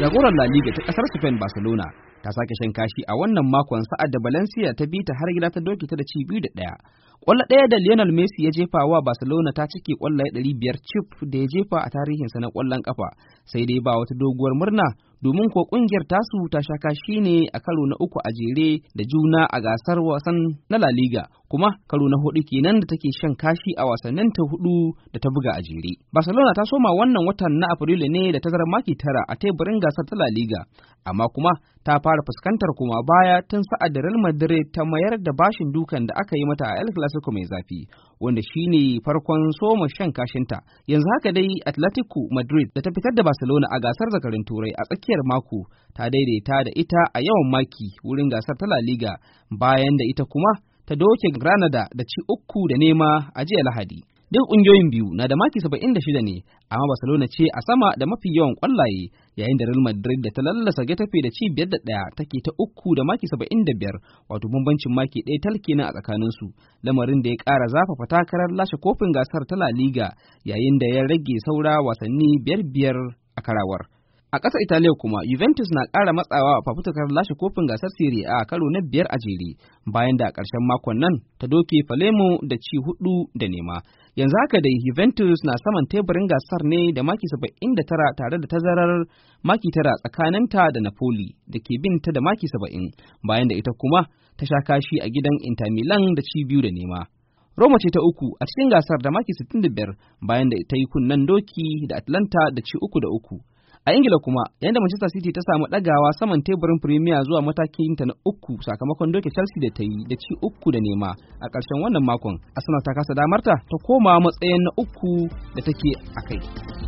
jagorar La Liga ta kasar Spain Barcelona ta sake shan kashi a wannan makon sa'ad da Valencia ta bi ta har gida ta doke ta da ci biyu da ɗaya. Ƙwallo ɗaya da Lionel Messi ya jefa wa Barcelona ta cike ƙwallaye ɗari biyar cif da ya jefa a tarihinsa na kwallon ƙafa, sai dai ba wata doguwar murna domin ko ƙungiyar tasu ta sha kashi ne a karo na uku a jere da juna a gasar wasan na La Liga kuma karo na hudu kenan da take shan kashi a wasannin ta hudu da ta buga a jere. Barcelona ta soma wannan watan na Afrilu ne da tazarar maki tara a teburin gasar ta La Liga, amma kuma ta fara fuskantar kuma baya tun sa'ad da Real Madrid ta mayar da bashin dukan da aka yi mata a El Clasico mai zafi, wanda shine farkon soma shan kashinta. Yanzu haka dai Atletico Madrid da ta fitar da Barcelona a gasar zakarin Turai a tsakiyar mako ta daidaita da ita a yawan maki wurin gasar ta La Liga bayan da ita kuma ta doke Granada da ci uku da nema a jiya Lahadi. Duk ƙungiyoyin biyu na da maki shida ne, amma Barcelona ce a sama da mafi yawan ƙwallaye, yayin da Real Madrid da ta lallasa tafi da ci biyar da ɗaya take ta uku da maki biyar wato bambancin maki ɗaya talke na a tsakaninsu, lamarin da ya ƙara zafafa takarar lashe kofin gasar ta La Liga, yayin da ya rage saura wasanni biyar biyar a karawar. A ƙasar Italiya kuma Juventus na ƙara matsawa a fafutukar lashe kofin gasar Serie A karo na biyar a jere bayan da a ƙarshen makon nan ta doke Falemo da ci hudu da nema. Yanzu haka dai Juventus na saman teburin gasar ne da maki 79 tare da tazarar maki tara tsakaninta da Napoli da ke binta da maki 70 bayan da ita kuma ta sha kashi a gidan Inter Milan da ci biyu da nema. Roma ce ta uku a cikin gasar da maki 65 bayan da ta yi kunnen doki da Atlanta da ci uku da uku. A Ingila kuma, yadda Manchester City ta samu ɗagawa saman teburin Premier zuwa matakin ta na uku sakamakon doke Chelsea da ta yi da ci uku da nema a ƙarshen wannan makon, Arsenal ta kasa damarta ta koma matsayin na uku da take a kai.